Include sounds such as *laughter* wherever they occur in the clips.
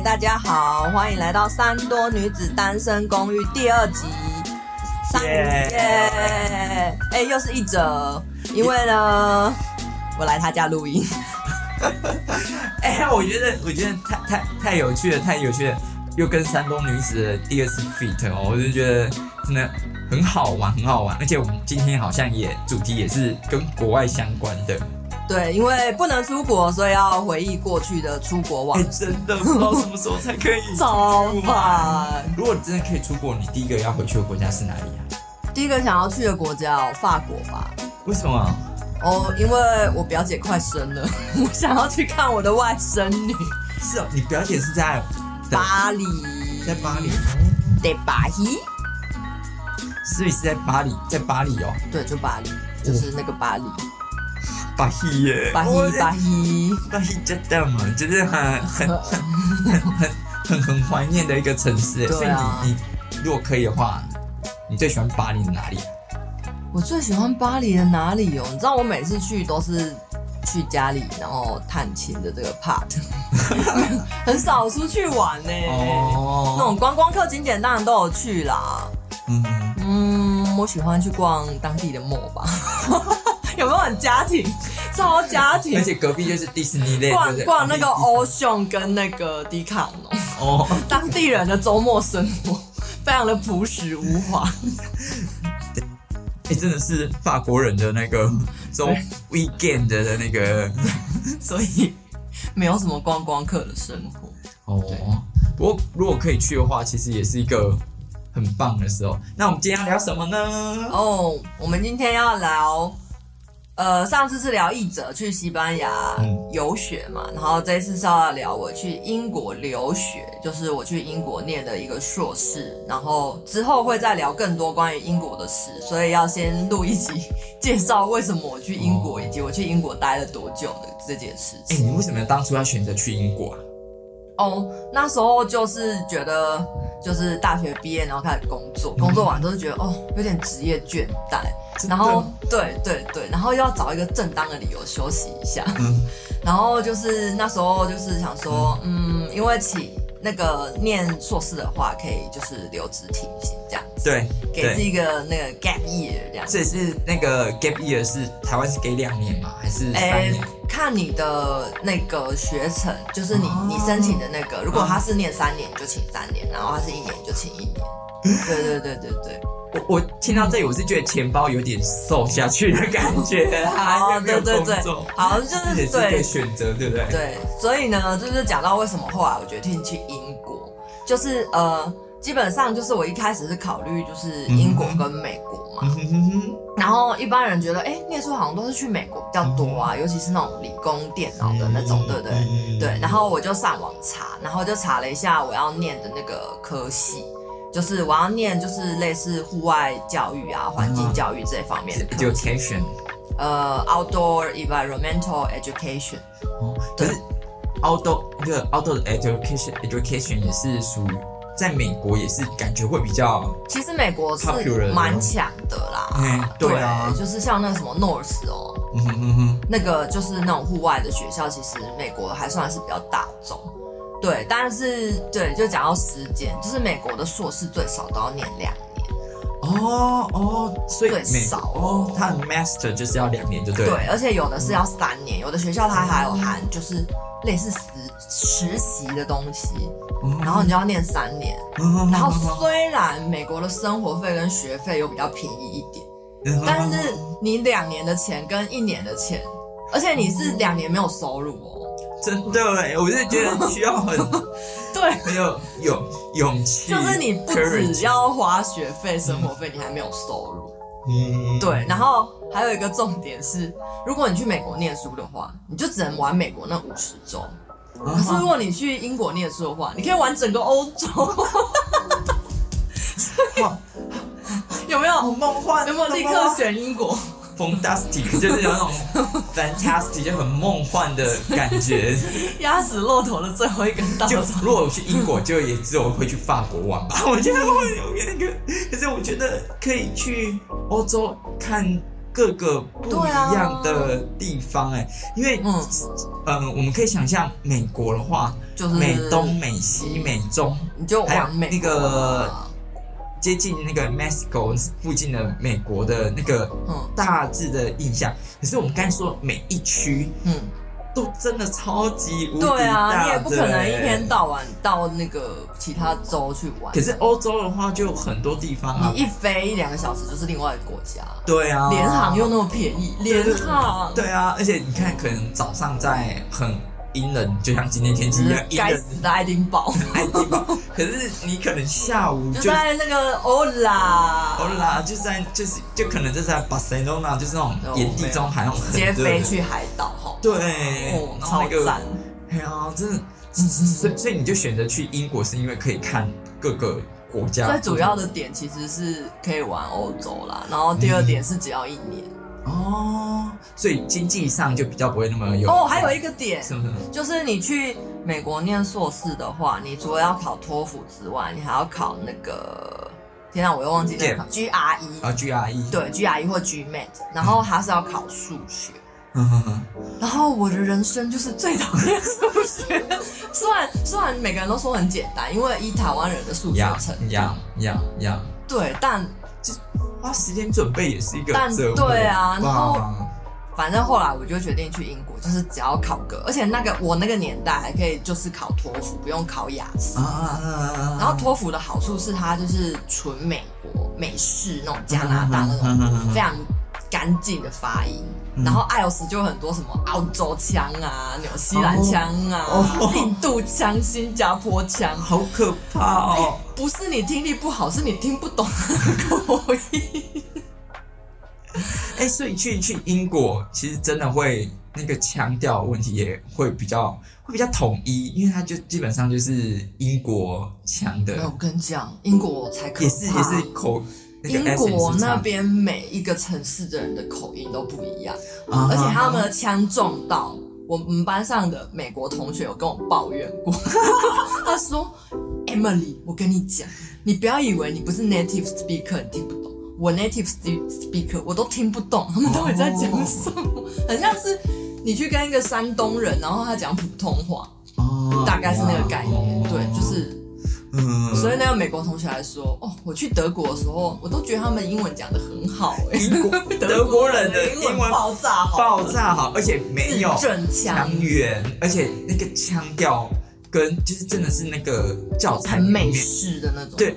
大家好，歡迎來到《三多女子單身公寓》第二集，三五耶！哎，又是一折，因為呢，yeah、我來他家錄音。 *laughs* 哎呀，我覺得，我覺得太太太有趣了，太有趣了！又跟三多女子的第二次 fit 哦，我就覺得真的很好玩，很好玩。而且我們今天好像也主題也是跟國外相關的。對，因為不能出國，所以要回憶過去的出國往事，欸、真的，不知道什麼時候才可以走吧 *laughs* 如果你真的可以出國，你第一個要回去的國家是哪裡啊？第一個想要去的國家，喔，法國吧。為什麼哦？啊，oh, 因為我表姐快生了， *laughs* 我想要去看我的外甥女。是哦？喔，你表姐是在巴，在巴黎，在巴黎。對，巴黎。所以是在巴黎，在巴黎哦。對，就巴黎，就是那個巴黎。巴黎耶，巴黎巴黎巴黎，真的嗎？真的很很很很很很懷念的一個城市對啊。所以你你如果可以的話，你最喜歡巴黎的哪裡？我最喜歡巴黎的哪裡哦？你知道我每次去都是去家裡然後探親的這個 part， *laughs* *laughs* 很少出去玩呢。哦、oh.。那種觀光客景點當然都有去啦。嗯、mm -hmm. 嗯，我喜歡去逛當地的墓吧。 *laughs* 有沒有很家庭超家庭？而且隔壁就是迪士尼樂園，逛逛那個歐雄跟那個迪卡儂。哦，當地人的周末生活非常的樸實無華，欸。真的是法國人的那個 so weekend 的那個， *laughs* 所以沒有什麼觀光客的生活。哦，不過如果可以去的話，其實也是一個很棒的時候。那我們今天要聊什麼呢？哦，我們今天要聊。呃，上次是聊譯者去西班牙遊學嘛、嗯，然後這次是要聊我去英國留學，就是我去英國念的一個碩士，然後之後會再聊更多關於英國的事，所以要先錄一集介紹為什麼我去英國、哦、以及我去英國待了多久的這件事情、欸。你為什麼當初要選擇去英國啊？哦、oh，那時候就是覺得，就是大學畢業然後開始工作，嗯、工作完都是覺得哦，oh, 有點職業倦怠。然後，對對對，然後又要找一個正當的理由休息一下。嗯、然後就是那時候就是想說，嗯，嗯因為起那個念碩士的話，可以就是留職停薪這樣子對。對，給自己一個那個 gap year 這樣子。所以是那個 gap year 是台灣是給兩年嗎？還是三年？欸那你的那個學程，就是你、oh, 你申請的那個。如果他是念三年，就請三年；oh. 然後他是一年，就請一年。 *laughs* 對對對對，對,對。我我聽到這裡，我是覺得錢包有點瘦下去的感覺。 *laughs* 好沒有沒有對對對，好，就是，是選擇，對，選擇，對不對？對，所以呢，就是講到為什麼後來我決定去英國，就是呃。基本上就是我一開始是考慮就是英國跟美國嘛，嗯、哼然後一般人覺得，哎、欸，念書好像都是去美國比較多啊，嗯、尤其是那種理工電腦的那種，對不對？對。然後我就上網查，然後就查了一下我要念的那個科系，就是我要念就是類似戶外教育啊、環、嗯、境教育這一方面的。Education，、嗯、呃、嗯、，Outdoor Environmental Education、嗯。哦，可是對 Outdoor 就 Outdoor Education Education 也是屬於。在美國也是感覺會比較，其實美國是蠻強的啦。嗯、欸，對啊、對，就是像那個什麼 North 哦、喔，嗯哼嗯哼，那個就是那種戶外的學校，其實美國還算是比較大眾。對，但是對，就講到時間，就是美國的碩士最少都要念兩年。哦、oh, 哦、oh，所以少哦。Oh, oh, oh, 他很 master 就是要兩年就對，對對？對，而且有的是要三年，嗯、有的學校它還有含就是類似實實習的東西，嗯，然後你就要念三年，嗯。然後雖然美國的生活費跟學費又比較便宜一點，嗯，但是你兩年的錢跟一年的錢，而且你是兩年沒有收入哦。嗯、真的，我是覺得你需要很。 *laughs* 對，有，有勇勇氣，就是你不只要花學費、生活費、嗯，你還沒有收入。嗯，對。然後還有一個重點是，如果你去美國念書的話，你就只能玩美國那五十州，可是如果你去英國念書的話，你可以玩整個歐洲、嗯。 *laughs* 有沒有？有沒有立刻選英國？Fantastic 就是有那種 fantastic *laughs* 就很夢幻的感覺。壓死駱駝的最後一根稻草。如果我去英國，就也只有會去法國玩吧。我覺得我有一那個，可是我覺得可以去歐洲看各個不一樣的地方哎、欸，因為嗯、呃，我們可以想象美國的話，就美東、美西、美中，你就還有那個。接近那個 Mexico 附近的美國的那個大致的印象，可是我們剛才說每一區，嗯，都真的超級無敵大。對啊，你也不可能一天到晚到那個其他州去玩。可是歐洲的話，就很多地方啊，你一飛一兩個小時就是另外一個國家。對啊，廉航又那麼便宜，廉航。對、對、對、對啊，而且你看，可能早上在很。陰冷，就像今天天氣一樣。該、就是、死的愛丁堡，愛丁堡。可是你可能下午就，就在那個歐拉，歐拉就在，就是就可能就是在巴塞羅那，就是那種沿地中海那種。直、哦、接飛去海島，齁。對，哦、超讚。哎呀、那個啊，真的 *laughs* 所。所以你就選擇去英國，是因為可以看各個國家。最主要的點其實是可以玩歐洲啦，然後第二點是只要一年。哦、oh,，所以經濟上就比較不會那麼有哦、oh,，還有一個點，是不是？就是你去美國念碩士的話，你除了要考托福之外，你還要考那個，天哪、啊，我又忘記了、那個 yep. GRE 啊、oh,，GRE 對，GRE 或 GMAT，然後它是要考數學， *laughs* 然後我的人生就是最討厭數學，雖然雖然每個人都說很簡單，因為以台灣人的數學程度，yeah, yeah, yeah, yeah. 對，但就。花、啊、時間準備也是一個但，但對啊，然後反正後來我就決定去英國，就是只要考個，而且那個我那個年代還可以，就是考托福不用考雅思。啊啊啊啊啊。然後托福的好處是它就是純美國美式那種加拿大那種非常乾淨的發音。啊啊啊啊啊嗯嗯、然後愛爾斯就很多什麼澳洲腔啊、紐西蘭腔啊、oh, oh, oh. 印度腔、新加坡腔，好可怕哦、欸！不是你聽力不好，是你聽不懂口音。哎、 *laughs* *laughs* 欸，所以去去英國，其實真的會那個腔調問題也會比較會比較統一，因為它就基本上就是英國腔的。沒有，我跟你講，英國才可怕，也是也是口。英國那邊每一個城市的人的口音都不一樣，uh -huh. 而且他們的腔重到我們班上的美國同學有跟我抱怨過，uh -huh. *laughs* 他說：“Emily，我跟你講，你不要以為你不是 native speaker，你聽不懂，我 native speaker 我都聽不懂，他們到底在講什麼，很像是你去跟一個山東人，然後他講普通話，uh -huh. 大概是那個概念，uh -huh. 對，就是。”嗯，所以那個美國同學來說，哦，我去德國的時候，我都覺得他們英文講得很好，欸，哎，德國人的英文爆炸好，爆炸好，而且沒有正腔圓，而且那個腔調跟就是真的是那個教材，就是，很美式的那種，對，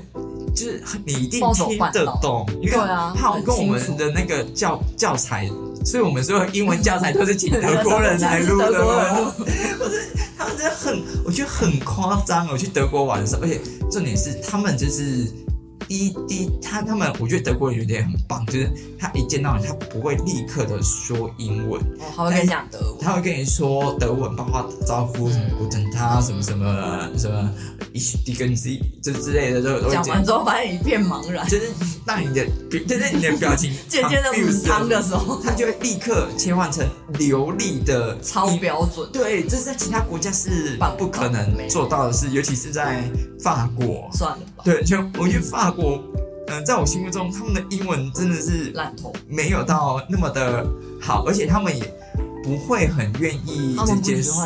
就是你一定聽得懂，因為怕跟我們的那個教教材。所以我們所有英文教材都是請德國人來錄的。 *laughs* 我是他們真的很，我覺得很誇張哦。我去德國玩的時候，而且重點是他們就是第一第一，他他們我覺得德國人有點很棒，就是他一見到你，他不會立刻的說英文，哦、他會講德文，他會跟你說德文，包括打招呼什麼，古騰他什麼什麼什麼，一跟自己就之類的就講完之後，發現一片茫然。就是當你的表就是你的表情，變得非常的時候，他就會立刻切換成流利的超標準。對，這是在其他國家是不可能做到的事，嗯、尤其是在法國。算、嗯、了，對，吧就我覺得法國，嗯、呃，在我心目中、嗯，他們的英文真的是沒有到那麼的好，而且他們也不會很願意直接說。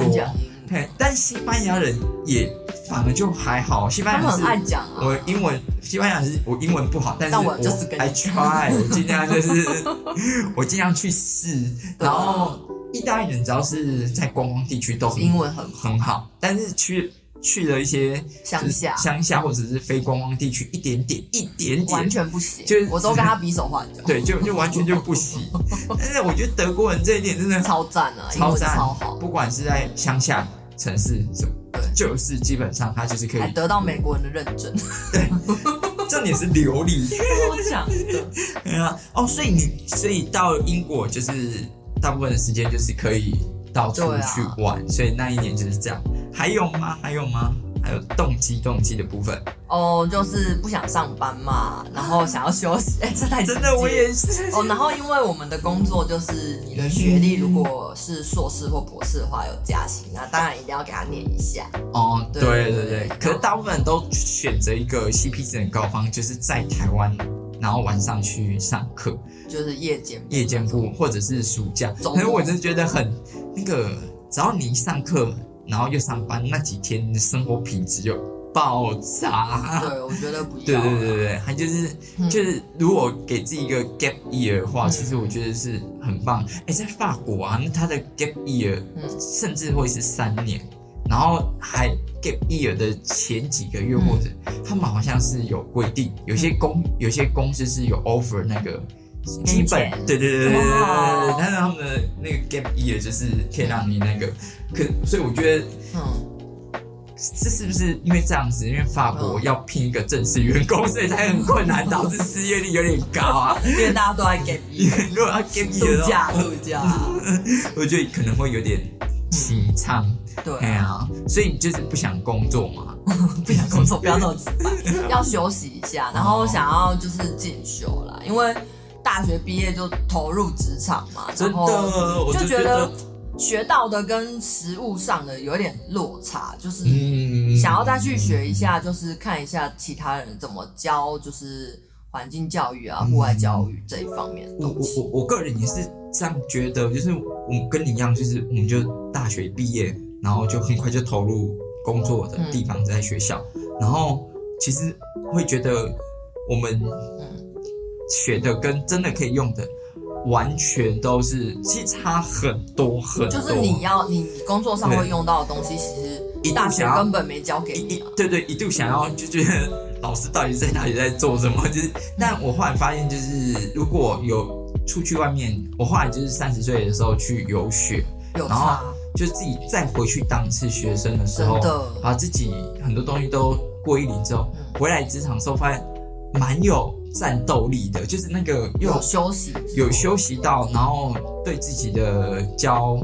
但西班牙人也反而就還好，西班牙人我英文，很愛講啊，英文西班牙人是我英文不好，但是我還 try， *laughs* 我盡量就是我盡量去試。然後意大利人，只要是在觀光地區都很是英文很很好，但是去去了一些鄉下鄉下或者是非觀光地區，一點點一點點完全不行，就是我都跟他比手畫腳，對，就就完全就不行。 *laughs* 但是我覺得德國人這一點真的超讚啊，超讚超好超，不管是在鄉下。嗯城市什麼？就是基本上它就是可以得到美國人的認證。 *laughs* 對，也是流利。我 *laughs* 講講的 *laughs* 對、啊。哦，所以你所以到英國就是大部分的時間就是可以到處去玩，啊，所以那一年就是這樣。還有嗎？還有嗎？動機，動機的部分哦，oh, 就是不想上班嘛，然後想要休息。哎、欸，真的，真的，我也是。哦、oh,，然後因為我們的工作就是你的學歷如果是碩士或博士的話有加薪，那當然一定要給他念一下。哦、oh,，對對對，對，對，對。可是大部分人都選擇一個 CP 值的高方，就是在台灣，然後晚上去上課，就是夜間夜間部或者是暑假。可是我就覺得很那個，只要你一上課。然後又上班那幾天，生活品質就爆炸。對，我覺得不。對對對對還就是、嗯、就是，如果給自己一個 gap year 的話，嗯、其實我覺得是很棒。哎、嗯，在法國啊，那他的 gap year、嗯、甚至會是三年，然後還 gap year 的前幾個月，嗯、或者他們好像是有規定，有些公有些公司是有 offer 那個。基本對對對對對、哦，但是他們的那個 gap year 就是可以讓你那個、嗯、可，所以我覺得，嗯，這是，是不是因為這樣子？因為法國要拼一個正式員工，嗯、所以才很困難，嗯、導致失業率有點高啊。因為大家都在 gap year，如果要 gap year，度假度假、嗯、度假，我覺得可能會有點淒慘、嗯啊嗯。對啊，所以你就是不想工作嘛？ *laughs* 不想工作， *laughs* 不要那麼直白， *laughs* 要休息一下，然後想要就是進修啦，哦、因為。大學畢業就投入職場嘛，然後就覺得學到的跟實務上的有點落差，就是想要再去學一下，就是看一下其他人怎麼教，就是環境教育啊、戶外教育這一方面我我我，我個人也是這樣覺得，就是我跟你一樣，就是我們就大學畢業，然後就很快就投入工作的地方，在學校，然後其實會覺得我們。學的跟真的可以用的，完全都是其實差很多很多。就是你要你工作上會用到的東西，其實你大學根本沒教給你、啊。你。對，對對，一度想要就覺得、嗯、老師到底在哪裡在做什麼？就是，但我後來發現，就是如果有出去外面，我後來就是三十歲的時候去遊學有，然後就自己再回去當一次學生的時候，把自己很多東西都歸零之後，嗯、回來職場的時候發現蠻有。戰鬥力的，就是那個有休息，有休息到，然後對自己的交，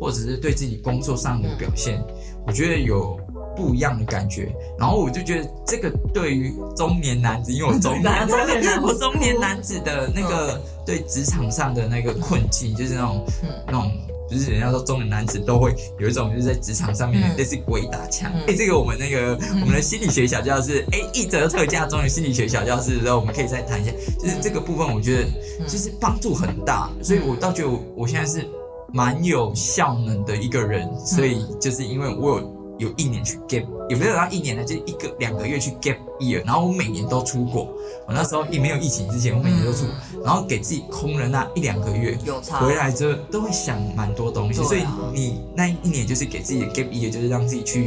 或者是對自己工作上的表現，我覺得有不一樣的感覺。然後我就覺得這個對於中年男子，因為我中年 *laughs* 對 *laughs* 我中年男子的那個對職場上的那個困境，就是那種，那種。就是人家說中年男子都會有一種就是在職場上面類似鬼打牆。哎、嗯欸，這個我們那個、嗯、我們的心理學小教室，哎、嗯欸，一折特價中年心理學小教室，然、嗯、後我們可以再談一下，就是這個部分我覺得就是幫助很大，所以我倒覺得我現在是蠻有效能的一個人，所以就是因為我有。有一年去 gap，有沒有然後，一年呢？就是、一個兩個月去 gap year，然後我每年都出國。我那時候疫沒有疫情之前，我每年都出國、嗯，然後給自己空了那、啊、一兩個月，回來之後都會想蠻多東西、啊。所以你那一年就是給自己的 gap year，就是讓自己去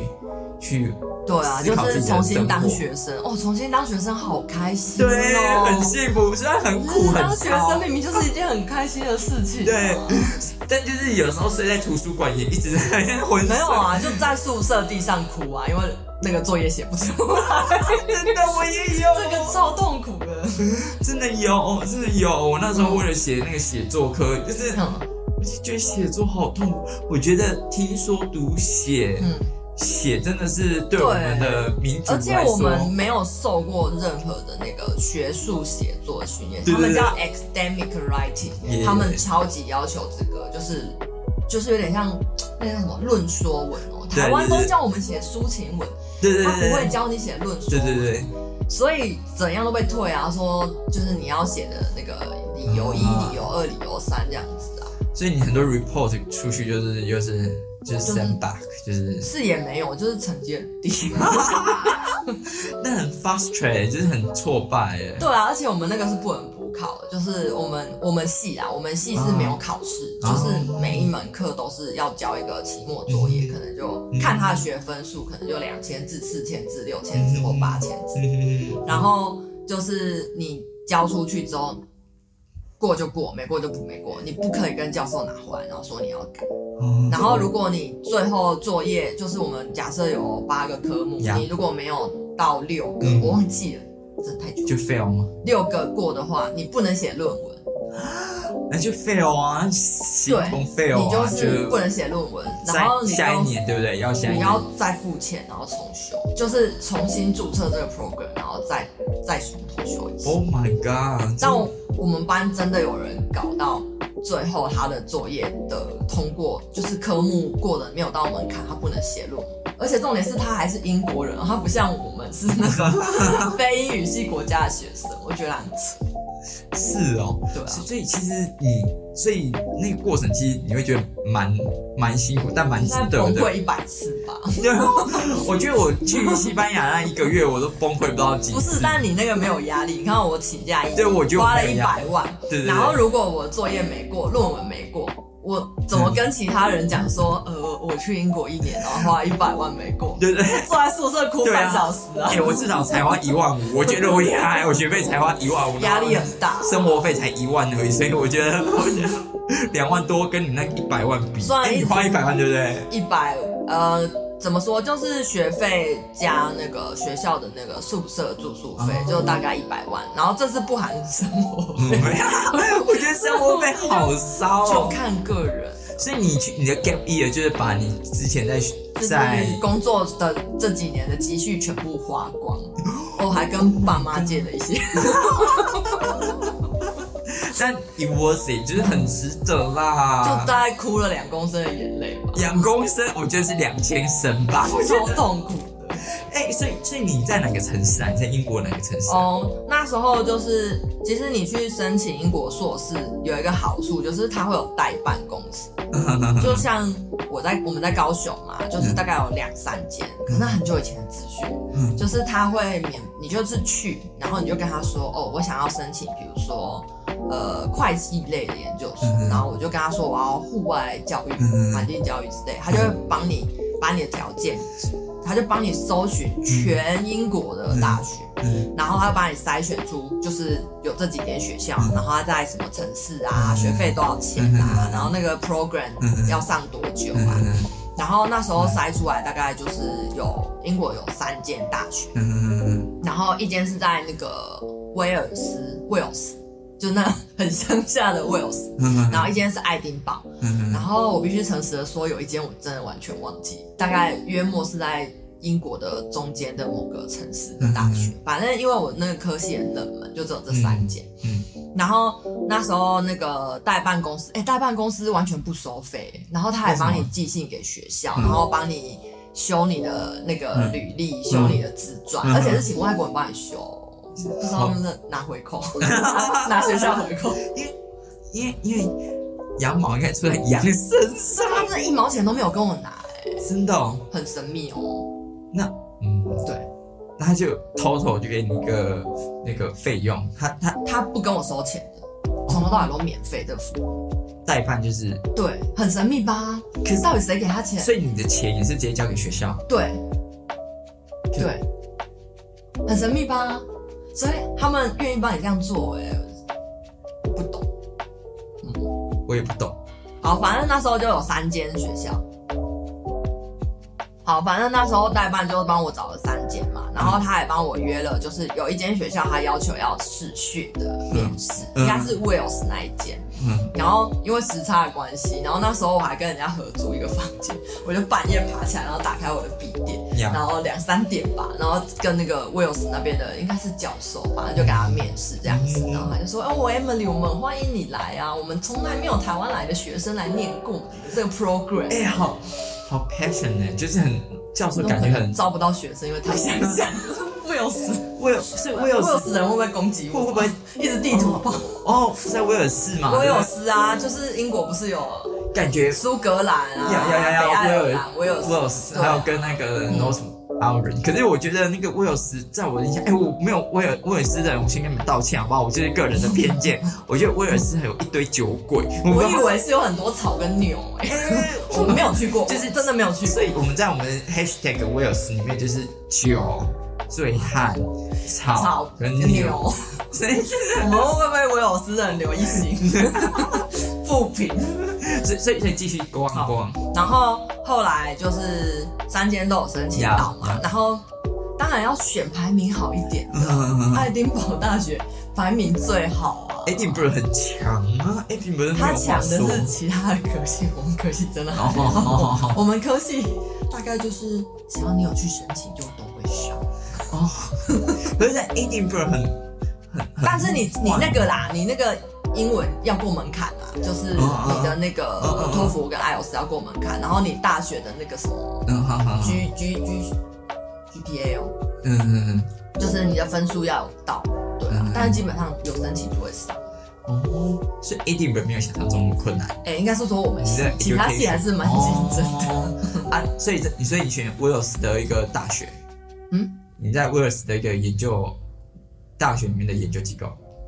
去。對啊，就是重新當學生哦，重新當學生好開心。對，很幸福，雖然很苦很。就是、當學生明明就是一件很開心的事情、啊。對，但就是有時候睡在圖書館也一直在渾身。沒有啊，就在宿舍地上哭啊，因為那個作業寫不出來。 *laughs* 真的，我也有，這個超痛苦的。真的有，真的有。我那時候為了寫那個寫作科就是、嗯、我就覺得寫作好痛苦。我覺得聽說讀寫。嗯。寫真的是對我們的民警來說，而且我們沒有受過任何的那個學術寫作訓練，他們叫 academic writing，對對對，他們超級要求這個，就是就是有點像那個什麼論說文哦、喔，台灣都叫我們寫抒情文，他不會教你寫論說文，對對對，所以怎樣都被退啊，說就是你要寫的那個理由一、理由二、理由三這樣子啊、嗯、啊，所以你很多 report 出去就是又、就是。就是就 send back，就是是也沒有，就是成績很低了，那 *laughs* *laughs* *laughs* 很 frustrate，就是很挫敗誒。對啊，而且我們那個是不能補考的，就是我們我們系啊，我們系是沒有考試，oh. 就是每一門課都是要交一個期末作業。oh. 嗯，可能就看他的學分數，可能就兩千字、四千字、六千字或八千字，然後就是你交出去之後。過就過，沒過就不沒過。你不可以跟教授拿回來，然後說你要改。嗯、然後如果你最後作業，就是我們假設有八個科目，嗯、你如果沒有到六個，嗯、我忘記了，這太久。就 fail 嗎？六個過的話，你不能寫論文。那就 fail 啊，啊！對，fail 就是不能寫論文。然後你下一年對不對要下？你要再付錢，然後重修，就是重新注冊這個 program，然後再再重修一次。Oh my god！但我們班真的有人搞到最後，他的作業的通過就是科目過了沒有到門檻，他不能寫論文。而且重點是他還是英國人，他不像我們是那個 *laughs* 非英語系國家的學生，我覺得很扯。是哦，對啊，所以其實你，所以那個過程其實你會覺得蠻蠻辛苦，但蠻值得的。崩潰一百次吧？對， *laughs* *laughs* 我覺得我去西班牙那一個月，我都崩潰不到幾次。不是，但你那個沒有壓力。你看我請假，對，我就花了一百萬。對對。然後如果我作業沒過，論文沒過。我怎麼跟其他人講說，呃，我去英國一年，然後花一百萬美國對，對對？坐在宿舍哭，啊，半小時啊！哎，欸，我至少才花一萬五， *laughs* 我覺得我也，該還有學費才花一萬五，壓力很大，生活費才一萬而已，所以我覺得兩萬多跟你那一百萬比，算，欸，你花一百萬，對不對？一百，呃。怎麼說？就是學費加那個學校的那個宿舍住宿費，oh. 就大概一百萬。然後這是不含生活費、mm -hmm. *laughs* 我覺得生活費好燒哦就。就看個人。所以你去你的 gap year，就是把你之前在、嗯、在之前工作的這幾年的積蓄全部花光，我、 *laughs* oh, 還跟爸媽借了一些。 *laughs* 但 worth it 就是很值得啦，就大概哭了兩公升的眼淚。兩公升，我覺得是兩千升吧。超 *laughs* 痛苦的。哎、欸，所以所以你在哪個城市啊？你在英國哪個城市？哦、嗯，那時候就是，其實你去申請英國碩士有一個好處，就是他會有代辦公司， *laughs* 就像我在我們在高雄嘛，就是大概有兩三間，可、嗯、是很久以前的資訊、嗯。就是他會免，你就是去，然後你就跟他說，哦，我想要申請，比如說。呃，會計類的研究生，然後我就跟他說我要戶外教育、環境教育之類，他就會幫你把你的條件，他就幫你搜尋全英國的大學，然後他會幫你篩選出就是有這幾間學校，然後他在什麼城市啊，學費多少錢啊，然後那個 program 要上多久啊，然後那時候篩出來大概就是有英國有三間大學，然後一間是在那個威爾斯，威爾斯。就那很鄉下的 Wales，然後一間是愛丁堡，然後我必須誠實的說，有一間我真的完全忘記，大概約莫是在英國的中間的某個城市的大學。反正因為我那個科系很冷門，就只有這三間。然後那時候那個代辦公司，哎、欸，代辦公司完全不收費，然後他還幫你寄信給學校，然後幫你修你的那個履歷，修你的自傳、嗯嗯，而且是請外國人幫你修。不知道他們拿回扣，哦、 *laughs* 拿學校回扣， *laughs* 因為因為因為羊毛應該出在羊身上，他們一毛錢都沒有跟我拿、欸，哎，真的、哦，很神秘哦。那嗯，對，那他就偷偷就給你一個那個費用，他他他不跟我收錢從、哦、頭到尾都免費的服務，代辦就是對，很神秘吧？可是到底誰給他錢？所以你的錢也是直接交給學校？對，okay. 對，很神秘吧？所以他們願意幫你這樣做我、欸、不懂，嗯，我也不懂。好，反正那時候就有三間學校。好，反正那時候代辦就幫我找了三間嘛，然後他還幫我約了，就是有一間學校他要求要視訊的面試、嗯嗯，應該是威爾斯那一間。然後因為時差的關係，然後那時候我還跟人家合租一個房間，我就半夜爬起來，然後打開我的筆電，yeah. 然後兩三點吧，然後跟那個威爾斯那邊的應該是教授，反正就給他面試這樣子，mm -hmm. 然後他就說，哦我，Emily，我們歡迎你來啊，我們從來沒有台灣來的學生來念過這個 program。哎，好好 passionate，就是很，就是，教授感覺很招不到學生，因為他想了。 *laughs* 威爾斯，威爾士威爾士人會不會攻擊我？會不會一直地圖好、哦、不好？ *laughs* 哦，在威爾士嗎？威爾士啊， *laughs* 就是英國不是有、啊、感覺蘇格蘭啊，北愛爾蘭，威爾，威爾，威爾士還有跟那個然後、嗯、什麼。人，可是我覺得那個威爾斯，在我的印象，哎、欸，我沒有威，我沒有威爾斯的人，我先跟你們道歉好不好？我就是個人的偏見，我覺得威爾斯還有一堆酒鬼。我以為是有很多草跟牛，欸，哎、欸，我們沒有去過，就是真的沒有去過。就是、所以我們在我們 Hashtag 威爾斯裡面就是酒醉漢、草跟牛，所以我們會不會威爾斯人留一星負評？所以所以所以繼續逛逛然後。後來就是三間都有申請到嘛，yeah, 然後當然要選排名好一點的，愛 *laughs* 丁堡大學排名最好啊。愛丁堡很強啊，愛丁堡他強的是其他的科系，我們科系真的好。好、oh, 好、oh, oh, oh, oh. 我們科系大概就是只要你有去申請，就都會上。哦，不是在愛丁堡很，但是你你那個啦，你那個英文要過門檻。就是你的那個托福、啊、跟 IELTS 要過門檻、啊啊啊，然後你大學的那個什麼，嗯、啊，好、啊、好、啊、G G G G P A 哦，嗯嗯嗯，就是你的分數要有到，對啊、嗯，但是基本上有申請就會上。哦、嗯，所以一定沒有想象中困難。哎、欸，應該是說，說我們，其他系還是蠻競爭的、嗯嗯、 *laughs* 啊。所以這你所以你選威爾斯的一個大學，嗯，你在威爾斯的一個研究大學裡面的研究機構。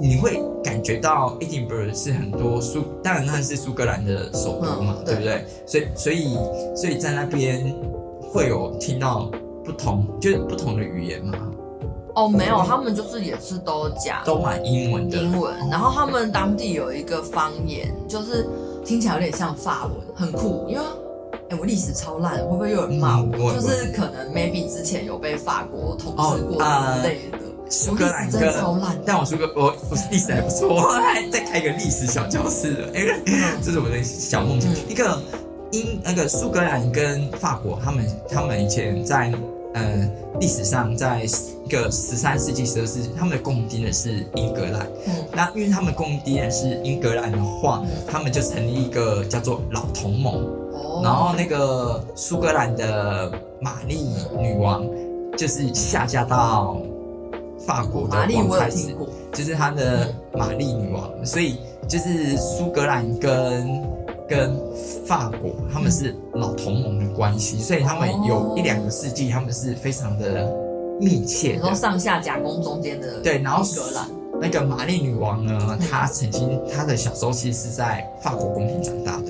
你會感覺到 Edinburgh 是很多蘇，當然那是蘇格蘭的首都嘛、嗯對，對不對？所以所以所以在那邊會有聽到不同，就是不同的語言嗎？哦，沒有，嗯、他們就是也是都講都蠻英文的英文，然後他們當地有一個方言，就是聽起來有點像法文，很酷。因為哎，我歷史超爛，會不會有人罵、嗯、我，我？就是可能 maybe 之前有被法國統治過之類的。哦，呃蘇格蘭跟，但我蘇格，我我歷史還不錯，我、嗯、還在開個歷史小教室的，哎、欸嗯，這是我的小夢想、嗯。一個英那個蘇格蘭跟法國，他們他們以前在呃歷史上，在一個十三世紀、十二世紀，他們共的共敵呢是英格蘭。嗯。那因為他們共敵呢是英格蘭的話，他們就成立一個叫做老同盟。哦、然後那個蘇格蘭的瑪麗女王，就是下嫁到。法國的王太子，就是他的瑪麗女王，所以就是蘇格蘭跟跟法國他們是老同盟的關係，所以他們有一兩個世紀，他們是非常的密切。然後上下夾攻中間的。對，然後蘇格蘭那個瑪麗女王呢，她曾經她的小時候其實是在法國宮廷長大的，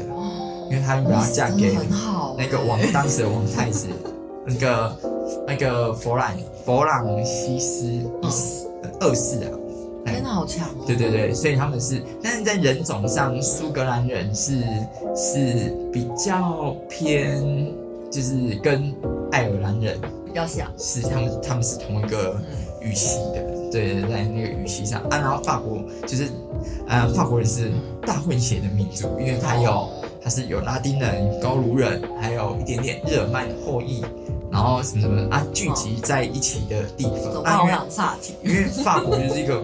因為她要嫁給那個王當時的王太子那個。那個佛朗佛朗西斯二世啊，真、嗯、的、嗯、好強哦、喔！對對對，所以他們是，但是在人種上，蘇格蘭人是是比較偏，就是跟愛爾蘭人比較像，是他們他們是同一個語系的、嗯，對，在那個語系上啊，然後法國就是、嗯啊，法國人是大混血的民族，因為他有、哦、他是有拉丁人、高盧人，還有一點點日耳曼的後裔。然後什麼什麼啊，聚集在一起的地方、啊然後，因為法國就是一個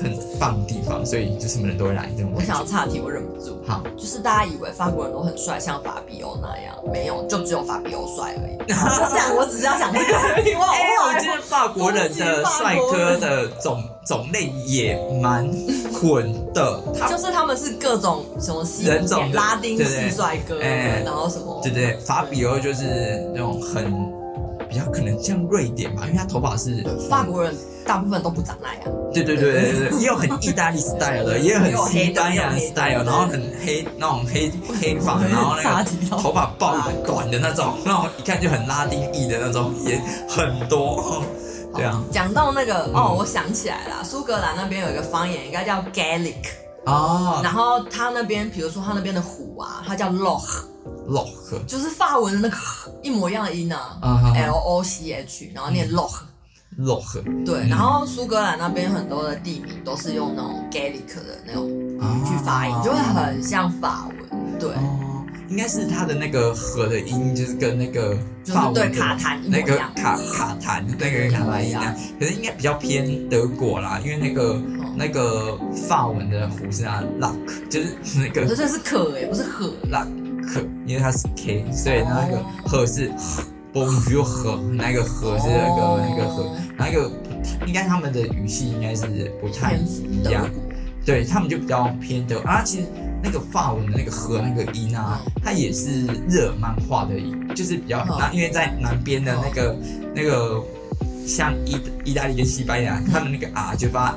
很棒的地方， *laughs* 所以就什麼人都會來這種，對，種我想要岔題，我忍不住。就是大家以為法國人都很帥，像法比歐那樣，沒有，就只有法比歐帥而已。我 *laughs* 想我只是要想那個，因 *laughs* 為、欸、哇、欸哇欸，我覺得法國人的國人帥哥的種種類也蠻混的他，就是他們是各種什麼西人種、拉丁系帥哥、欸，然後什麼，對對，法比歐就是那種很。嗯很比較可能像瑞典吧，因為他頭髮是法國人，大部分都不長那樣。對對對對對， *laughs* 也有很意大利 style 的， *laughs* 也有很西班牙 style 的，然後很黑那種黑黑髮，然後呢，頭髮爆短的那種，然後那 *laughs* 種一看就很拉丁裔的那種，也很多。對啊，講到那個哦、嗯，我想起來了，蘇格蘭那邊有一個方言，應該叫 Gaelic，哦、啊，然後他那邊，比如說他那邊的湖啊，他叫 Loch。lock 就是法文的那個一模一樣的音啊、嗯、，L O C H，然後念 lock，lock 對、嗯，然後蘇格蘭那邊很多的地名都是用那種 Gaelic 的那種去發音，啊、就會很像法文，啊、對，應該是它的那個和的音就是跟那個法文對卡壇那個卡卡壇那個卡坦一樣，可是應該比較偏德國啦，因為那個、啊、那個法文的湖是叫 lock，就是那個，可、哦、是可也、欸、不是和 lock。啦可，因為它是 k，所以那個和是 b u、oh. 和那個和是那個、oh. 那個 h，那個應該他們的語氣應該是不太一樣，oh. 對他們就比較偏的啊。其實那個法文的那個和那個音啊，它也是日耳曼話的音，就是比較南，oh. 因為在南邊的那個那個像意意大利跟西班牙， *laughs* 他們那個 r，就發。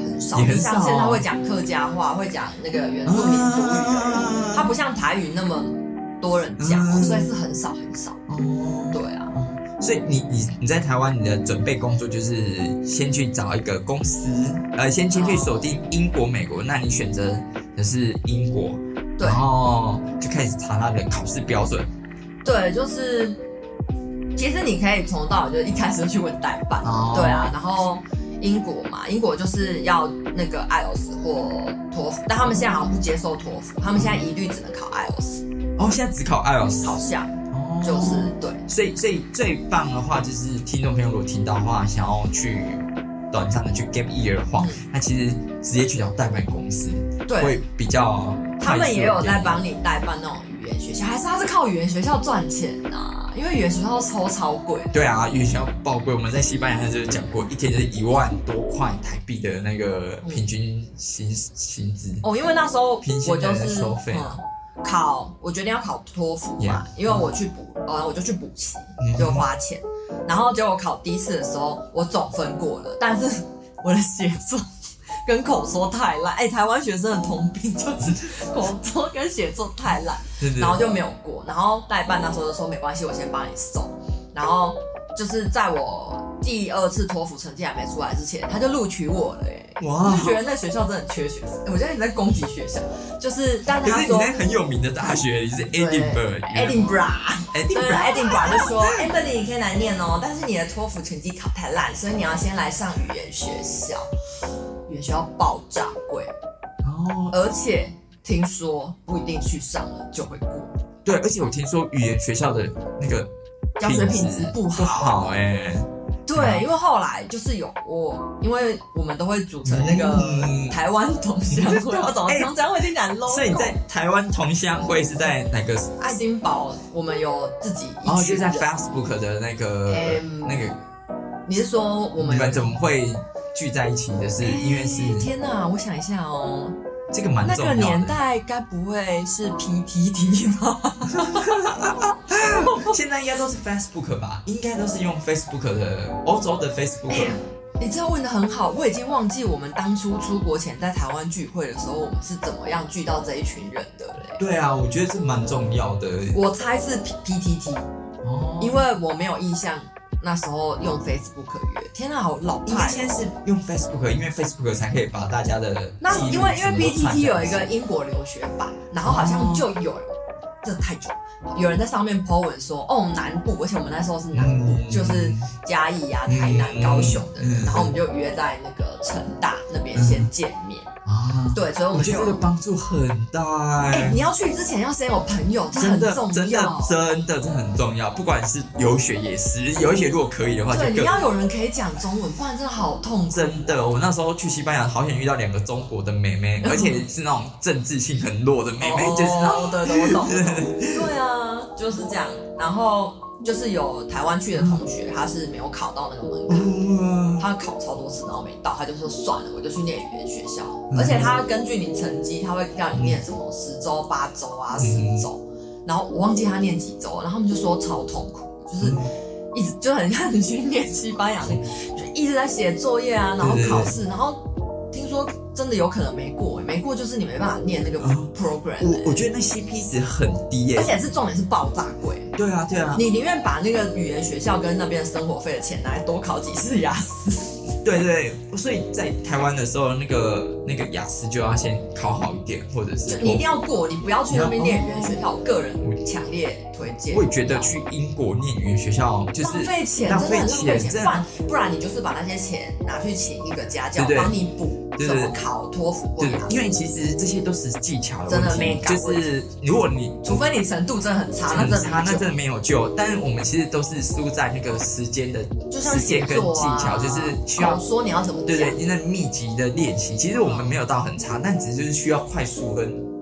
少，像現在會講客家話、哦、會講那個原住民族語的人，他、啊、不像台語那麼多人講，所、啊、以是很少很少。哦、啊，對啊。所以你你你在台灣你的準備工作就是先去找一個公司，呃，先先去鎖定英國、哦、美國，那你選擇的是英國，對，然後就開始查他的考試標準。對，就是，其實你可以從頭到尾就一開始去問代辦，哦、對啊，然後。英國嘛，英國就是要那個 IELTS 或托福，但他們現在好像不接受托福，他們現在一律只能考 IELTS 哦，現在只考 IELTS 好像。哦、就是對。所以，所以最棒的話就是聽眾朋友如果聽到的話，想要去短暫的去 gap year 的話，那、嗯、其實直接去找代辦公司對，會比較。他們也有在幫你代辦那種。學校還是他是靠語言學校賺錢吶、啊，因為語言學校都收超貴。對啊，語言學校爆貴。我們在西班牙他就講過，一天就是一萬多塊台幣的那個平均薪薪資、嗯。哦，因為那時候我就是平收、啊嗯、考，我決定要考托福嘛，yeah, 因為我去補，呃、嗯嗯，我就去補習，就花錢。嗯、然後結果我考第一次的時候，我總分過了，但是我的寫作跟口說太爛，哎、欸，台灣學生的同病、oh. 就是口說跟寫作太爛， *laughs* 然後就沒有過。然後代辦那時候就說、oh. 沒關係，我先幫你送。然後就是在我第二次托福成績還沒出來之前，他就錄取我了，哎、wow.，就覺得那學校真的很缺學生。我覺得你在攻擊學校，就是但是他說是你很有名的大學就、嗯、是 Edinburgh，Edinburgh，Edinburgh you know? Edinburgh, Edinburgh, Edinburgh, *laughs* Edinburgh 就說 *laughs* ，Edinburgh 你可以來念哦，但是你的托福成績考太爛，所以你要先來上語言學校。語言學校爆炸貴哦，oh, 而且聽說不一定去上了就會過。對、啊，而且我聽說語言學校的那個質教學品質不好哎、欸。對、嗯，因為後來就是有我、哦，因為我們都會組成那個台灣同鄉會，台灣同鄉會竟然漏、欸欸。所以你在台灣同鄉會是在哪個愛丁、啊啊、堡？我們有自己哦、啊，就是、在 Facebook 的那個、um, 那個。你是說我們？你們怎麼會聚在一起的？就、欸、是因為是天啊！我想一下哦、喔，這個蠻重要的，那個年代，該不會是 P T T 嗎？現在應該都是 Facebook 吧？應該都是用 Facebook 的歐洲的 Facebook、欸。你這樣問得很好，我已經忘記我們當初出國前在台灣聚會的時候，我們是怎麼樣聚到這一群人的嘞？對啊，我覺得是蠻重要的、欸。我猜是 P T T，、哦、因為我沒有印象。那時候用 Facebook 約，天哪、啊，好老派、喔。因為現在是用 Facebook，因為 Facebook 才可以把大家的那因為因為 BTT 有一個英國留學吧，然後好像就有、嗯，這太久有人在上面 po 文說，哦南部，而且我們那時候是南部，嗯、就是嘉義呀、啊嗯、台南、高雄的，然後我們就約在那個成大那邊先見面。嗯啊，對，所以我覺得這個幫助很大、欸。哎、欸，你要去之前要先有朋友，這很重要。真的，真的，這很重要。不管是遊學也是遊、嗯、學，如果可以的話就，就你要有人可以講中文，不然真的好痛。真的，我那時候去西班牙，好險遇到兩個中國的妹妹、嗯，而且是那種政治性很弱的妹妹，嗯、就是那種、oh，我懂。我懂 *laughs* 對啊，就是這樣。然後。就是有台灣去的同學、嗯，他是沒有考到那個門檻、嗯，他考超多次，然後沒到，他就說算了，我就去念語言學校、嗯，而且他根據你成績，他會讓你念什麼十周、嗯、八周啊、十周，然後我忘記他念幾周，然後他們就說超痛苦，就是一直、嗯、就很像你去念西班牙語，就一直在寫作業啊，然後考試，然後。就是、說真的，有可能沒過，沒過就是你沒辦法念那個 program、欸嗯我。我覺得那 C P 值很低，欸，而且是重點是爆炸貴。對啊，對啊，你寧願把那個語言學校跟那邊生活費的錢拿來多考幾次雅、啊、思。 *laughs* 對，對對，所以在台灣的時候，那個那個雅思就要先考好一點，或者是你一定要過，你不要去那邊念語言學校。啊、我，我個人強烈推薦，會覺得去英國念語言學校就是浪費錢，真的浪費錢，不然不然你就是把那些錢拿去請一個家教幫你補。對對對，就是怎麼考托福，因為其實這些都是技巧的,問題,真的沒問題。就是如果你，除非你程度真的很差，嗯、那,真那真的沒有救。但是我們其實都是輸在那個時間的，時間跟技巧，就是,、啊就是需要、哦、說你要怎麼對,對對，因為密集的練習，其實我們沒有到很差，但只是,就是需要快速跟。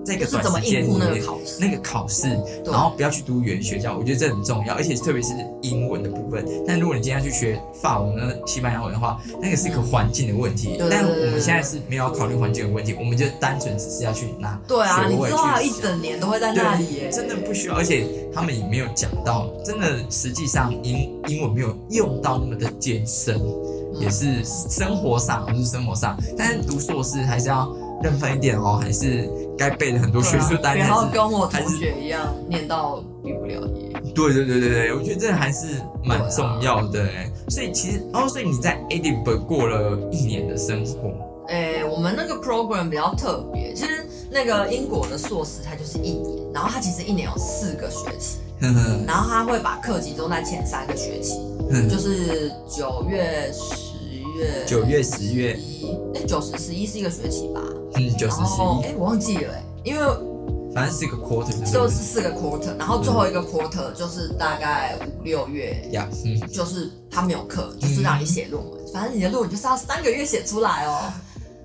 這個短篇裡面，那個考試，然後不要去讀語言學校，我覺得這很重要，而且特別是英文的部分。但如果你今天要去學法文、西班牙文的話，那個是一個環境的問題。但我們現在是沒有考慮環境的問題，我們就單純只是要去拿學位。對啊，你知道一整年都會在那裡。真的不需要，而且他們也沒有講到，真的實際上英英文沒有用到那麼的艱深，也是生活上，就是生活上。但是讀碩士還是要。認分一點哦，還是該背的很多學術單，然後、啊、跟我同學一樣念到畢不了業。對對對對對，我覺得這還是蠻重要的哎、啊。所以其實哦，所以你在 Edinburgh 過了一年的生活。哎、欸，我們那個 program 比較特別，其實那個英國的碩士它就是一年，然後它其實一年有四個學期，呵呵嗯、然後它會把課集中在前三個學期，呵呵就是九月、十月、九月、月、十月、欸、一，哎，九十十一是一個學期吧？嗯就是、然後，哎、欸，我忘記了，因為，反正四個 quarter，是不是就是四個 quarter，然後最後一個 quarter 就是大概五六月、嗯，就是他沒有課，就是讓你寫論文，反正你的論文就是要三個月寫出來哦。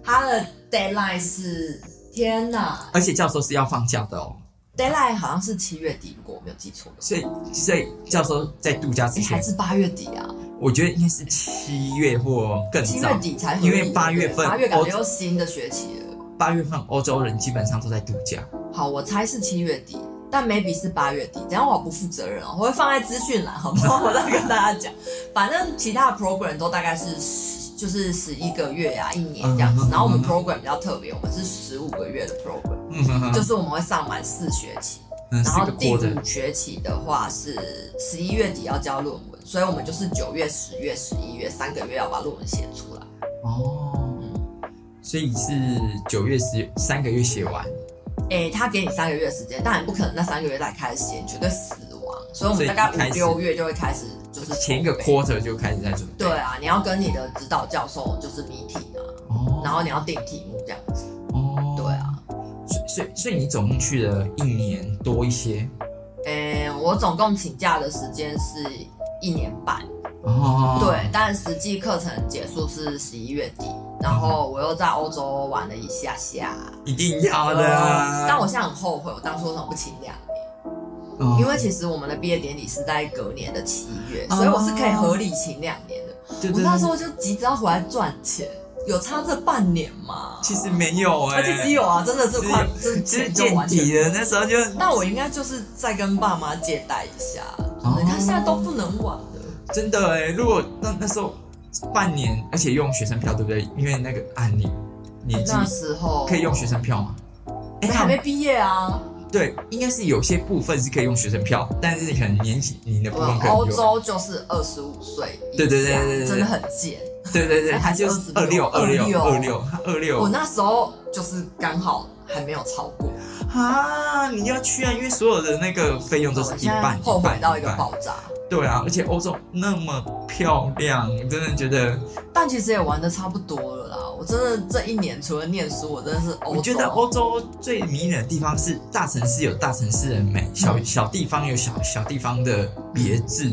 他的 deadline 是天哪，而且教授是要放假的哦，deadline 好像是七月底，如果我沒有記錯，所以所以教授在度假之前、欸、還是八月底啊？我覺得應該是七月或更早七月底才明明，因為八月份八月感覺又新的學期了。八月份歐洲人基本上都在度假。好，我猜是七月底，但 maybe 是八月底。這樣我不負責任哦，我會放在資訊欄，好不好，我再跟大家講，反正其他的 program 都大概是十，就是十一個月呀、啊，一年這樣子。然後我們 program 比較特別，我們是十五個月的 program， *laughs* 就是我們會上滿四學期， *laughs* 然後第五學期的話是十一月底要交論文，所以我們就是九月、十月、十一月三個月要把論文寫出來。哦。所以是九月十三個月寫完，哎、欸，他給你三個月時間，但你不可能那三個月再開始寫，你絕對死亡。所以我們大概五六月就會開始，就是一前一個 quarter 就開始在準備。對啊，你要跟你的指導教授就是 meeting 啊，哦、然後你要定題目這樣子。哦，對啊。所以所以所以你總共去了一年多一些。哎、欸，我總共請假的時間是一年半。哦。對，但實際課程結束是十一月底。然後我又在歐洲玩了一下下，一定要的。但我現在很後悔，我當初怎麼不請兩年、哦？因為其實我們的畢業典禮是在隔年的七月、啊，所以我是可以合理請兩年的、啊。我那時候就急着要回來賺錢，對對對，有差這半年嗎？其實沒有哎、欸啊，其實有啊，真的是快，就是年底了，那時候就。那我應該就是再跟爸媽借貸一下，他、啊、看現在都不能玩了。真的哎、欸，如果那那時候。半年，而且用學生票，對不對？因為那個啊，你，你年紀那時候可以用學生票嗎？你還沒畢業啊。對，應該是有些部分是可以用學生票，但是你可能年紀你的部分能。歐洲就是二十五歲。對對對，對，對真的很賤。對，對對對，還是二六二六二六二六。我那時候就是剛好。還沒有超過啊！你要去啊，因為所有的那個費用都是一半一半。後、哦、悔到一個爆炸。對啊，而且歐洲那麼漂亮，我、嗯、真的覺得。但其實也玩得差不多了啦。我真的這一年除了念書，我真的是歐洲。我覺得歐洲最迷人的地方是，大城市有大城市的美，小、嗯、小地方有小小地方的別致。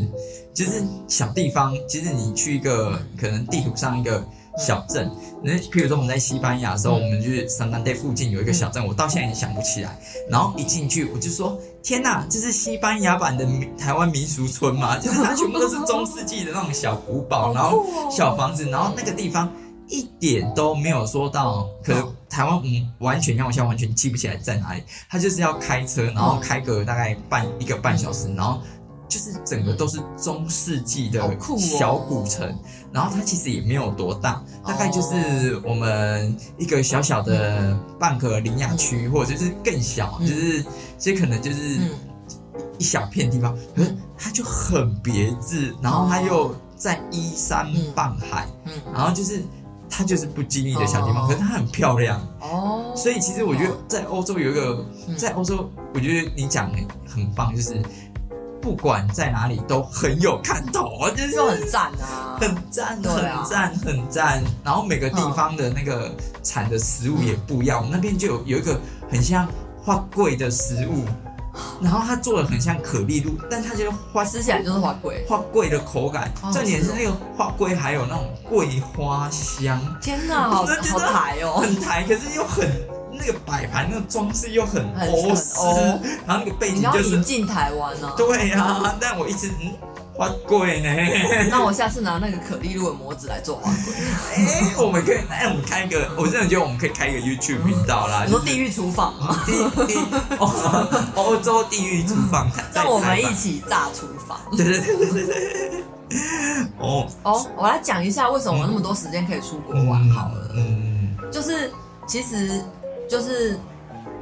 就是小地方，其實你去一個可能地圖上一個。小鎮，那譬如說我們在西班牙的時候，嗯、我們就是三丹隊附近有一個小鎮、嗯，我到現在也想不起來。嗯、然後一進去，我就說：“天吶，這是西班牙版的民台灣民俗村嗎？”就是它全部都是中世紀的那種小古堡、哦，然後小房子，然後那個地方一點都沒有說到。可是台灣嗯，完全讓我現在完全記不起來在哪裡。它就是要開車，然後開個大概半一個半小時，然後就是整個都是中世紀的小古城。然後它其實也沒有多大，哦，大概就是我們一個小小的半個領養區，嗯，或者就是更小，嗯，就是所以可能就是一小片地方，嗯，可是它就很別緻，嗯，然後它又在依山傍海，嗯，然後就是，嗯，它就是不經意的小地方，嗯，可是它很漂亮哦，嗯。所以其實我覺得在歐洲有一個，嗯，在歐洲我覺得你講很棒，就是。不管在哪裡都很有看頭啊，就是說很贊啊，啊，很贊，啊，很贊，很贊。然後每個地方的那個產的食物也不一樣，嗯，我們那邊就有有一個很像花桂的食物、嗯，然後它做的很像可麗露，但它就是花，吃起來就是花桂，花桂的口感，哦的，重點是那個花桂還有那種桂花香。天哪，啊，好，我覺得真哦，很台，台，哦，可是又很。那、這個擺盤、那個裝飾又很歐式、哦，然後那個背景就是剛剛進台灣了、啊、對呀、啊、但我一直嗯，花貴呢？那我下次拿那個可麗露的模子來做花、啊、龜。哎、 *laughs* 欸， *laughs* 我們可以哎，我們開一個，我真的覺得我們可以開一個 YouTube 頻道啦。你、嗯就是、說地獄廚房嗎？歐、哦欸哦、 *laughs* 洲地獄廚房。讓、嗯、我們一起炸廚房、嗯。對對對對對對。哦哦，我來講一下為什麼、嗯、我那麼多時間可以出國玩好了。嗯，就是、嗯嗯、其實。就是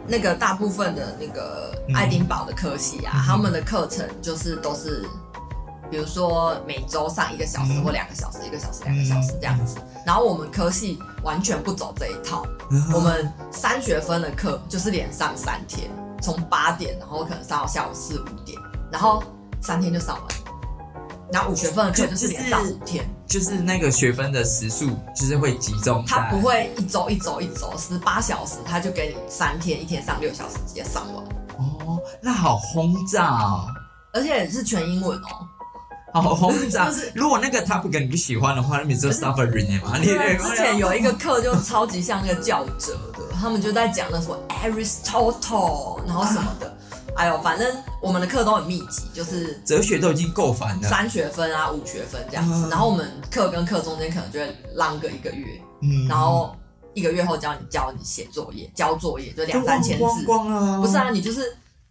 那個大部分的那個愛丁堡的科系啊，他們的課程就是都是，比如說每周上一個小時或兩個小時，一個小時兩個小時這樣子。然後我們科系完全不走這一套，我們三學分的課就是連上三天，從八點然後可能上到下午四五點，然後三天就上完。然後五學分的課就是連上五天。就是那個學分的時數，就是會集中、嗯。他不會一周一周一周十八小時，他就給你三天，一天上六小時，直接上完。哦，那好轟炸哦，而且也是全英文哦，好轟炸、 *laughs* 就是就是。如果那個 topic 不喜歡的話，就是、那你每周 suffer 嘛。之前有一個課就超級像那個教哲，的， *laughs* 他們就在講什麼 Aristotle，然後什麼的。啊哎呦，反正我們的課都很密集，就是哲學都已經夠煩了，三學分啊，五學分這樣子。嗯、然後我們課跟課中間可能就會浪個一個月、嗯，然後一個月後教你教你寫作業，交作業就兩三千字。光光、哦、不是啊，你就是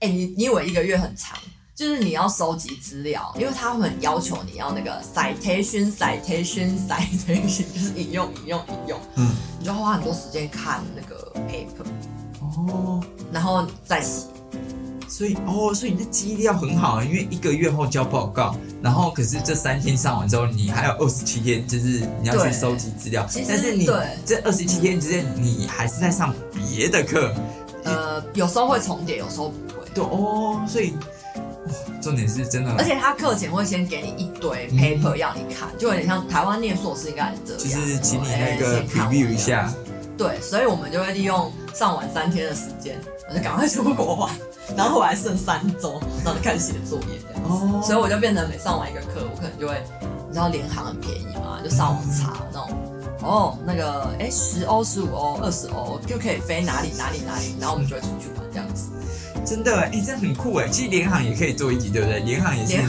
哎、欸，你你以為一個月很長？就是你要收集資料，因為他們很要求你要那個 citation，citation，citation，Citation, Citation, 就是引用引用引用。嗯。你就花很多時間看那個 paper，哦，然後再寫。所以哦，所以你的記憶力要很好，因為一個月後交報告，然後可是這三天上完之後，你還有二十七天，就是你要去收集資料。但是你對這二十七天之間，你還是在上別的課、嗯。呃，有時候會重疊，有時候不會。對哦，所以，哇，重點是真的。而且他課前會先給你一堆 paper 要、嗯、你看，就有點像台灣念碩士應該這樣。就是請你那個 preview 一下，一下。對，所以我們就會利用上完三天的時間。我就趕快出國玩。 *laughs* 然後我還剩三週，然後看寫作業、哦、所以我就變成每上完一個課，我可能就會，你知道廉航很便宜嘛，就上網查那種，哦，那個哎十歐十五歐二十歐就可以飛哪裡哪裡哪裡，然後我們就會出去玩這樣子。真的哎、欸欸，這樣很酷哎、欸，其實廉航也可以做一集，對不對？廉航，航，航也可廉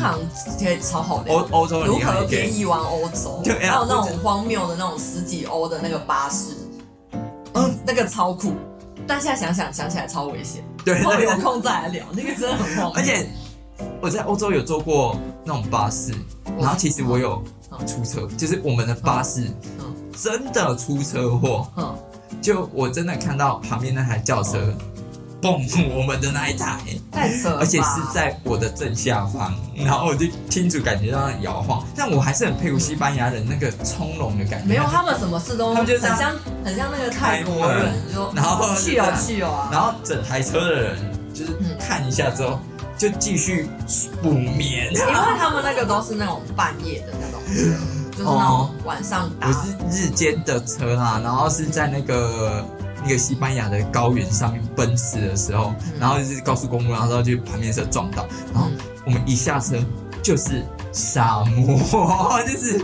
航超好。歐歐洲廉航也可以玩歐洲，還有那種荒謬的那種十幾歐的那個巴士，嗯，嗯那個超酷。但現在想想想起來超危險，對，我有空再來聊 *laughs* 那個真的很恐怖。而且我在歐洲有坐過那種巴士，然後其實我有出車，就是我們的巴士真的出車禍，就我真的看到旁邊那台轎車。蹦我們的那一台，而且是在我的正下方，然後我就清楚感覺到搖晃，但我還是很佩服西班牙人那個從容的感覺。沒、嗯、有，他們什麼事都很像，很像那個泰國人。然後去哦、啊、去哦、啊啊，然後整台車的人就是看一下之後、嗯、就繼續補眠、啊，因為他們那個都是那種半夜的那種、嗯，就是那種晚上、啊。我是日間的車啊，然後是在那個。那個西班牙的高原上面奔馳的時候、嗯，然後就是高速公路，然後就旁邊車撞到、嗯，然後我們一下車就是沙漠， *laughs* 就是，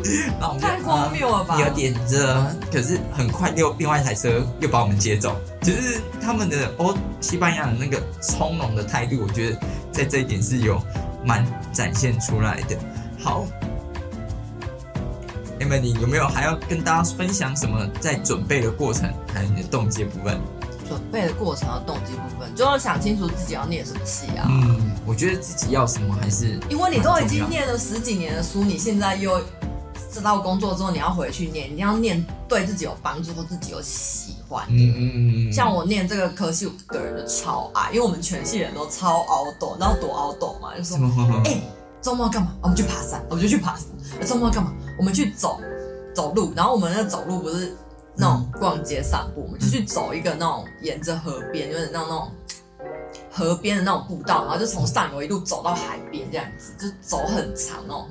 太荒謬了吧？有點熱，可是很快又另外一台車又把我們接走，就是他們的哦西班牙的那個從容的態度，我覺得在這一點是有蠻展現出來的。好。那、欸、麼你有沒有還要跟大家分享什麼在準備的過程，還有你的動機部分？準備的過程和動機部分，就要想清楚自己要念什麼系啊，嗯。我覺得自己要什麼還是因為你都已經念了十幾年的書，你現在又知道工作之後你要回去念，你要念對自己有幫助或自己有喜歡的，嗯嗯。嗯，像我念這個科系，我個人就超愛，因為我們全系人都超 outdoor，然後多 outdoor 嘛，就說哎，周、欸、末幹嘛？我們去爬山，我們就去爬山。周末幹嘛？我們去走走路，然後我們那走路不是那種逛街散步，嗯、我們就去走一個那種沿着河邊，就是那種那種河邊的那種步道，然後就從上游一路走到海邊，這樣子就走很長哦。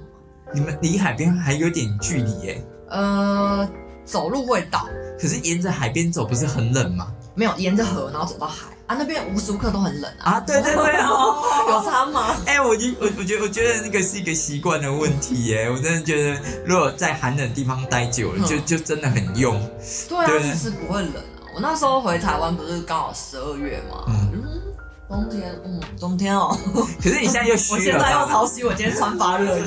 你們離海邊還有點距離耶、欸。呃，走路會到，可是沿着海邊走不是很冷嗎？沒有，沿着河然後走到海。啊，那邊無時無刻都很冷啊！啊對，對對對哦， *laughs* 有差嗎？哎、欸，我覺我我覺得我覺得那個是一個習慣的問題耶。 *laughs* 我真的覺得，如果在寒冷的地方待久了，就就真的很用。對啊，就是不會冷啊。我那時候回台灣不是剛好十二月嘛？嗯？嗯，冬天，嗯，冬天哦。 *laughs* 可是你現在又虛了。 *laughs* 我現在又潮濕，我今天穿發熱衣，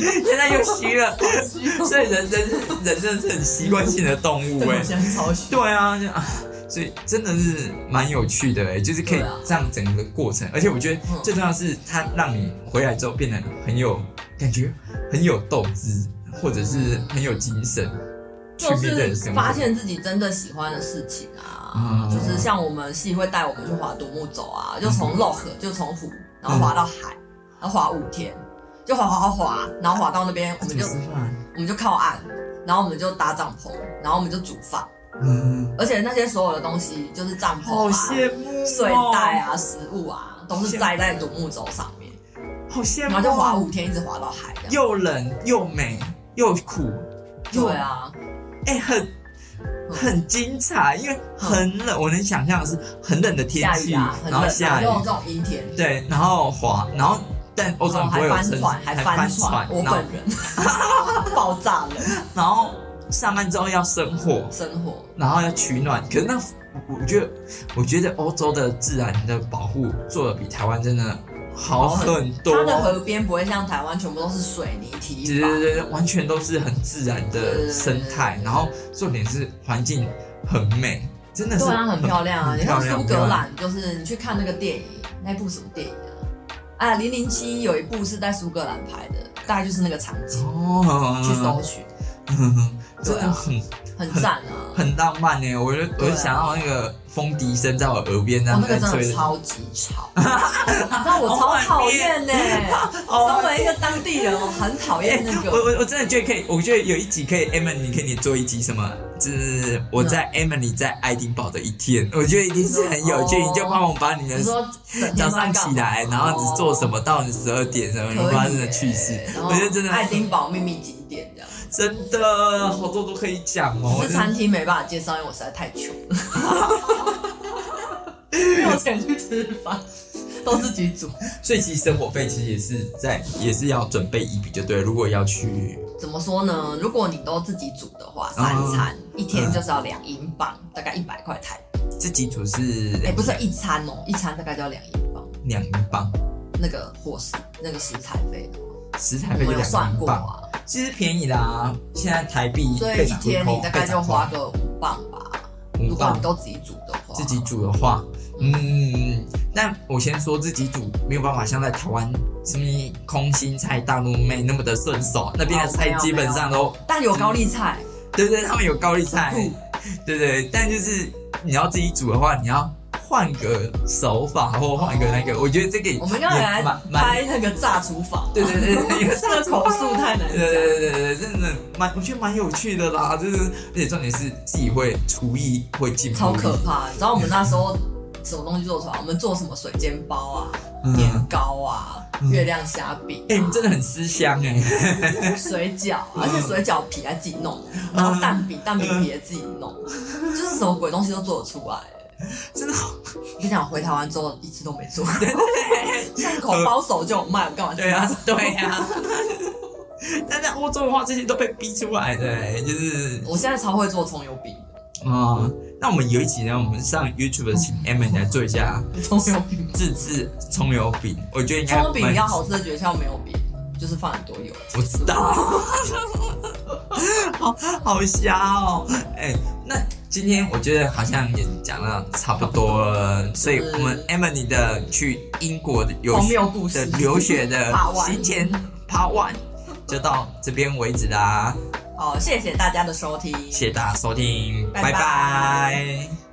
*laughs* 現在又虛了、 *laughs* 哦，所以人真是人真的是很習慣性的動物哎。 *laughs* 對啊。就啊所以真的是蠻有趣的、欸，就是可以這樣整個過程。啊、而且我覺得最重要的是它讓你回來之後變得很有感覺，很有鬥志、嗯，或者是很有精神、嗯去，就是發現自己真的喜歡的事情啊。嗯、就是像我們系會帶我們去划獨木舟啊，嗯、就從 Loch、嗯、就從湖，然後划到海，嗯、然後划五天，就划划划划，然後划到那邊、啊，我們就、嗯、我們就靠岸，然後我們就搭帳篷，然後我們就煮飯。嗯，而且那些所有的東西，就是帳篷啊、睡袋、哦、啊、食物啊，都是載在獨木舟上面。好羨慕、哦，然後就滑五天一直滑到海。又冷又美又苦。對啊。欸、很很精彩，因為很冷，嗯、我能想象的是很冷的天氣，啊很冷，然後下雨，用這種陰天。對，然後滑，然後，然後但我怎麼會有翻船？還翻船，我本人爆炸了，然後。上班之後要生火、嗯，生火，然後要取暖、嗯。可是那，我覺得，我覺得歐洲的自然的保護做得比台灣真的好很多、哦哦。它的河邊不會像台灣，全部都是水泥堤防，對對、對完全都是很自然的生態對對對對。然後重點是環境很美，真的是很、啊、很漂亮啊！亮你看蘇格蘭，就是你去看那個電影，那部什麼電影啊？啊，零零七有一部是在蘇格蘭拍的，大概就是那個場景，哦、去搜尋。嗯哼，的很、啊、很讚啊很、很浪漫呢、欸。我就、啊、我就想要那個風笛聲在我耳邊這樣吹、哦。那個、的超級吵，你知道我超討厭嘞。身、oh、為一個當地人，oh、我很討厭那個。欸、我我我真的覺得可以，我覺得有一集可以，Emily，你可以你做一集什麼？就是我在 Emily 你在愛丁堡的一天、嗯，我覺得一定是很有趣。嗯、你就幫我把你的早上、嗯、起來、嗯，然後你做什麼到你十二點什麼、欸，你發生的趣事，我覺得真的愛丁堡秘密景點這樣。真的好多都可以講哦。嗯、是餐廳沒辦法介紹，因為我實在太窮了，沒有錢去吃飯，都自己煮。所以其實生活費其實也是在，也是要準備一筆，就對。如果要去，怎麼說呢？如果你都自己煮的話，嗯、三餐一天就是要兩英鎊，嗯、大概一百塊台幣。自己煮是哎、欸，不是一餐哦，一餐大概就要兩英鎊。兩英鎊？那個伙食，那個食材費的？食材費有算過啊？其實便宜的啊，現在台幣，一天你大概就花個五磅吧。五磅都自己煮的話，自己煮的話嗯，嗯，但我先說自己煮沒有辦法像在台灣什麼空心菜、大陸妹那麼的順手，嗯、那邊的菜基本上都，啊、有但有高麗菜，對不對，對？他們有高麗菜，嗯、對，對對，但就是你要自己煮的話，你要。換個手法或換個那個、哦，我覺得這個我們剛才還來拍那個炸廚房，對對對，這 *laughs* 個口述太難。 *laughs* 對對對對，真的蠻我覺得蠻有趣的啦，就是而且重點是自己會廚藝會進步。超可怕！你知道我們那時候什麼東西做出來？我們做什麼水煎包啊、嗯、年糕啊、嗯、月亮蝦餅、啊？哎、欸，真的很吃香哎、欸。 *laughs* 水餃、啊，而且水餃皮還自己弄，嗯、然後蛋餅、嗯、蛋餅皮也自己弄、嗯，就是什麼鬼東西都做得出來、欸。真的，我跟你講回台灣之後一次都沒做。對對對，巷 *laughs* 口包手就有賣，我、呃、幹嘛對呀？對呀、啊。對啊、 *laughs* 但在歐洲的話，這些都被逼出來的、欸，就是。我現在超會做蔥油餅的、嗯。那我們有一集呢，我們上 YouTube 請 M 來做一下蔥、哦哦哦、油餅，自製蔥油餅。我覺得應該。蔥油餅要好吃的訣竅沒有別、啊，就是放很多油。我知道。就是、 *laughs* 好好笑哦，哎、欸。那今天我覺得好像也講了差不多了，嗯，所以我們 Emily 的去英國的遊學的留學的行前爬完就到這邊為止啦。好，哦，謝謝大家的收聽，謝謝大家收聽，拜拜。拜拜。